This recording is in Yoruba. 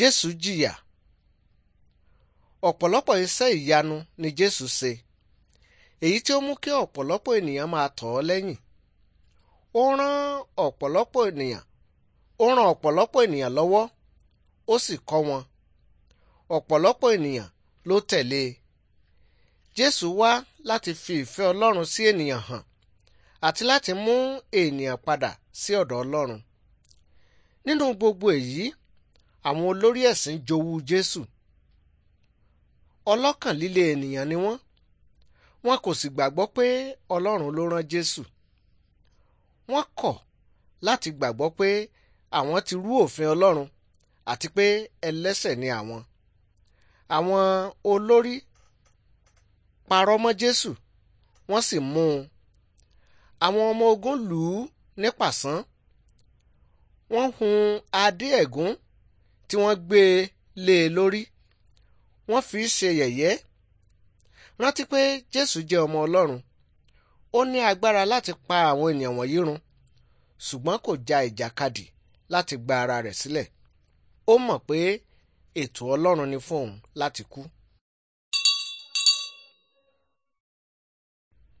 Jésù jìyà ọ̀pọ̀lọpọ̀ iṣẹ́ ìyanu ni Jésù ṣe èyí tí ó mú kí ọ̀pọ̀lọpọ̀ ènìyàn máa tọ̀ ọ́ lẹ́yìn ó rán ọ̀pọ̀lọpọ̀ ènìyàn ó ràn ọ̀pọ̀lọpọ̀ ènìyàn lọ́wọ́ ó sì kọ́ wọn ọ̀pọ̀lọpọ̀ ènìyàn ló tẹ̀lé e Jésù wá láti fi ìfẹ́ Ọlọ́run sí ènìyàn hàn àti láti mú ènìyàn padà sí ọ̀dọ̀ Ọlọ́run nínú gbogbo èyí àwọn olórí ẹ̀sìn jowú Jésù ọlọ́kàn líle ènìyàn ni wọ́n wọn kò sì gbàgbọ́ pé Ọlọ́run ló rán Jésù wọ́n kọ̀ láti gbàgbọ́ pé àwọn ti rú òfin Ọlọ́run àti pé ẹlẹ́ṣẹ̀ ni àwọn àwọn olórí parọ́ mọ́ Jésù wọ́n sì mú un àwọn ọmọ ogun lù ú nípàsán wọ́n hun adé ẹ̀gún e tí wọ́n gbé e lé e lórí wọ́n fi í ṣe yẹ̀yẹ́ rántí pé jésù jẹ́ ọmọ ọlọ́run ó ní agbára láti pa àwọn ènìyàn wọ̀nyí run ṣùgbọ́n kò ja ìjàkadì láti gba ara rẹ̀ sílẹ̀ ó mọ̀ pé ètò ọlọ́run ni fún òun láti kú